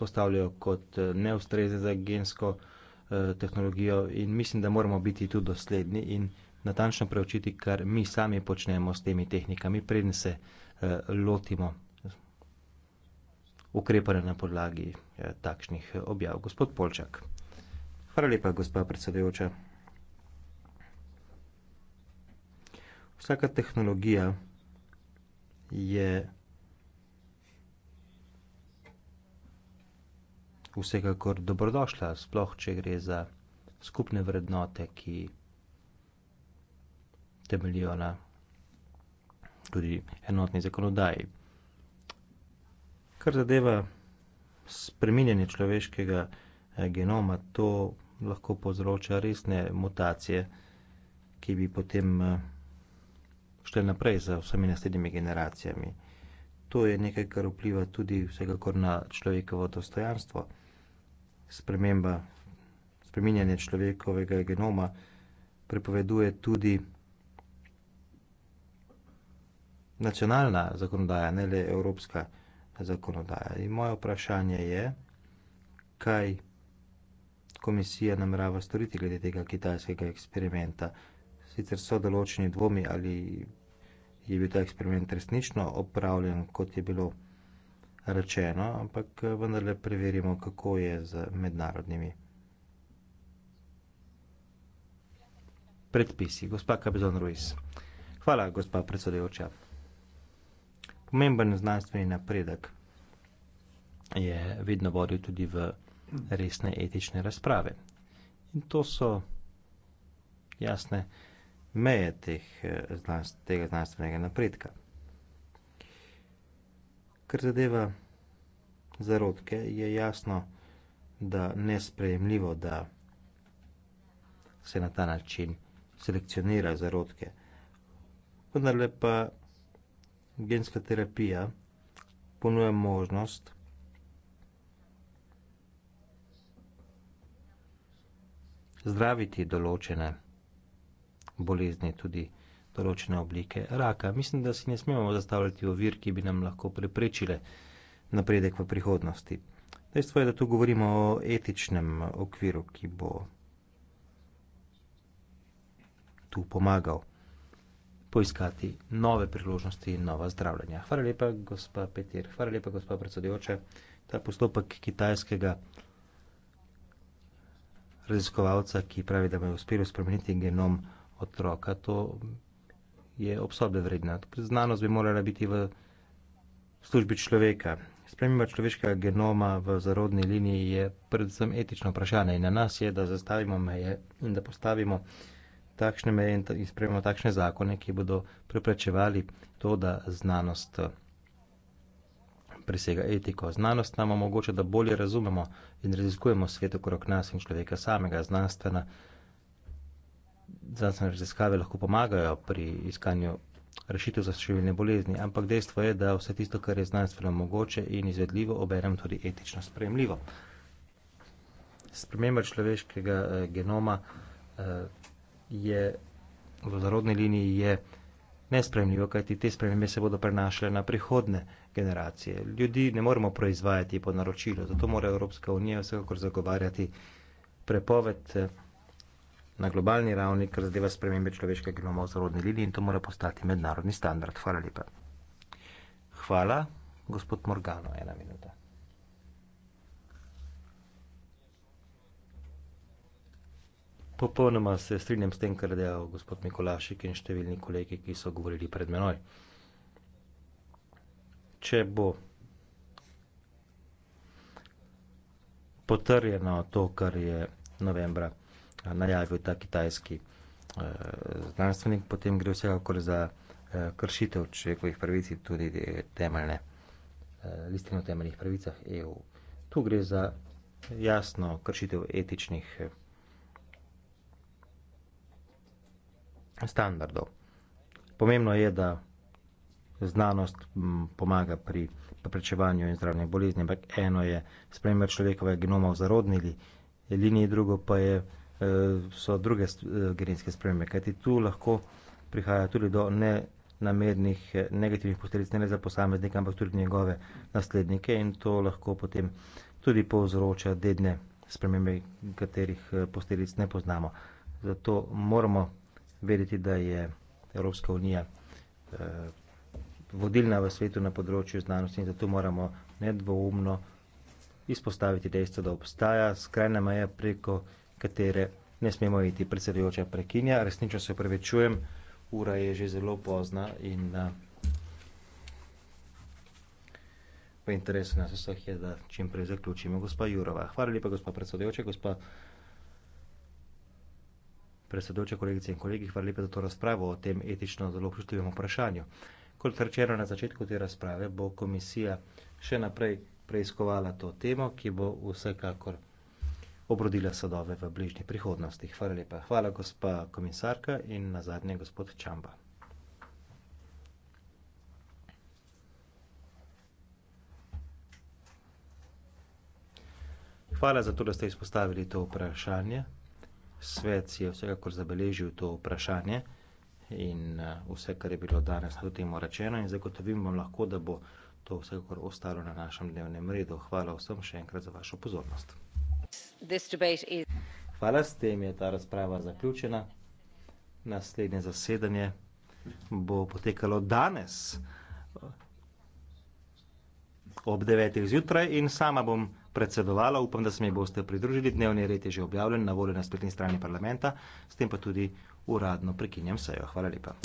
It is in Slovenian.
postavljajo kot eh, neustrezne za gensko eh, tehnologijo in mislim, da moramo biti tu dosledni in natančno preučiti, kar mi sami počnemo s temi tehnikami, preden se eh, lotimo ukrepanja na podlagi takšnih objav. Gospod Polčak. Hvala lepa, gospa predsedujoča. Vsaka tehnologija je vsekakor dobrodošla, sploh če gre za skupne vrednote, ki temeljijo na tudi enotni zakonodaji. Kar zadeva spreminjanje človeškega eh, genoma, to lahko povzroča resne mutacije, ki bi potem eh, šle naprej za vsemi naslednjimi generacijami. To je nekaj, kar vpliva tudi vsekakor na človekovo dostojanstvo sprememba, spreminjanje človekovega genoma prepoveduje tudi nacionalna zakonodaja, ne le evropska zakonodaja. In moje vprašanje je, kaj komisija namerava storiti glede tega kitajskega eksperimenta. Sicer so določeni dvomi, ali je bil ta eksperiment resnično opravljen, kot je bilo rečeno, ampak eh, vendarle preverimo, kako je z mednarodnimi predpisi. Gospa Kabezon Ruiz. Hvala, gospa predsedujoča. Pomemben znanstveni napredek je vedno vodil tudi v resne etične razprave. In to so jasne meje teh, eh, tega znanstvenega napredka kar zadeva zarodke, je jasno, da je nesprejemljivo, da se na ta način selekcionira zarodke. Vendar pa genska terapija ponuja možnost, zdraviti določene bolezni tudi določene oblike raka. Mislim, da si ne smemo zastavljati ovir, ki bi nam lahko preprečile napredek v prihodnosti. Dejstvo je, da tu govorimo o etičnem okviru, ki bo tu pomagal poiskati nove priložnosti in nova zdravljenja. Hvala lepa, gospa Petir, hvala lepa, gospa predsedujoča. Ta postopek kitajskega raziskovalca, ki pravi, da mu je uspelo spremeniti genom otroka, to je obsodbe vredna. Znanost bi morala biti v službi človeka. Sprememba človeškega genoma v zarodni liniji je predvsem etično vprašanje in na nas je, da zastavimo meje in da postavimo takšne meje in, in sprememo takšne zakone, ki bodo preprečevali to, da znanost presega etiko. Znanost nam omogoča, da bolje razumemo in raziskujemo svet okrog nas in človeka samega, znanstvena znanstvene raziskave lahko pomagajo pri iskanju rešitev za številne bolezni, ampak dejstvo je, da vse tisto, kar je znanstveno mogoče in izvedljivo, obenem tudi etično sprejemljivo. Sprememba človeškega eh, genoma eh, je v zarodni liniji je nesprejemljivo, kajti te spremembe se bodo prenašale na prihodne generacije. Ljudi ne moremo proizvajati po naročilu, zato mora Evropska unija vsekakor zagovarjati prepoved eh, na globalni ravni, ker zadeva spremembe človeške genoma v zarodni liniji in to mora postati mednarodni standard. Hvala lepa. Hvala, gospod Morgano, ena minuta. Popolnoma se strinjam s tem, kar je dejal gospod Mikolašik in številni kolegi, ki so govorili pred menoj. Če bo potrjeno to, kar je novembra najavil ta kitajski eh, znanstvenik, potem gre vsekakor za eh, kršitev človekovih pravic in tudi eh, temeljne listine o temeljnih pravicah EU. Tu gre za jasno kršitev etičnih standardov. Pomembno je, da znanost mm, pomaga pri preprečevanju in zdravljenju bolezni, ampak eno je sprememba človekovega genoma v zarodni liniji, drugo pa je Eh, so druge eh, genetske spremembe, kajti tu lahko prihaja tudi do nenamernih eh, negativnih posledic, ne le za posameznika, ampak tudi njegove naslednike in to lahko potem tudi povzroča dedne spremembe, katerih posledic ne poznamo. Zato moramo vedeti, da je Evropska unija vodilna v svetu na področju znanosti in zato moramo nedvoumno izpostaviti dejstvo, da obstaja skrajna meja preko katere ne smemo iti. Predsedujoča prekinja, resnično se prevečujem, ura je že zelo pozna in uh, v interesu nas vseh je, da čim prej zaključimo. Gospa Jurova, hvala lepa, gospa predsedujoča, gospa predsedujoča, kolegice in kolegi, hvala lepa za to razpravo o tem etično zelo občutljivem vprašanju. Kot rečeno na začetku te razprave, bo komisija še naprej preiskovala to temo, ki bo vsekakor obrodila sadove v bližnji prihodnosti. Hvala lepa. Hvala, gospa komisarka in na zadnje, gospod Čamba. Hvala za to, da ste izpostavili to vprašanje. Svet si je vsekakor zabeležil to vprašanje in uh, vse, kar je bilo danes na to temo rečeno in zagotovim vam lahko, da bo to vsekakor ostalo na našem dnevnem redu. Hvala vsem še enkrat za vašo pozornost. Hvala, s tem je ta razprava zaključena. Naslednje zasedanje bo potekalo danes ob 9. zjutraj in sama bom predsedovala, upam, da se mi boste pridružili, dnevni red je že objavljen na voljo na spletni strani parlamenta, s tem pa tudi uradno prekinjam sejo. Hvala lepa.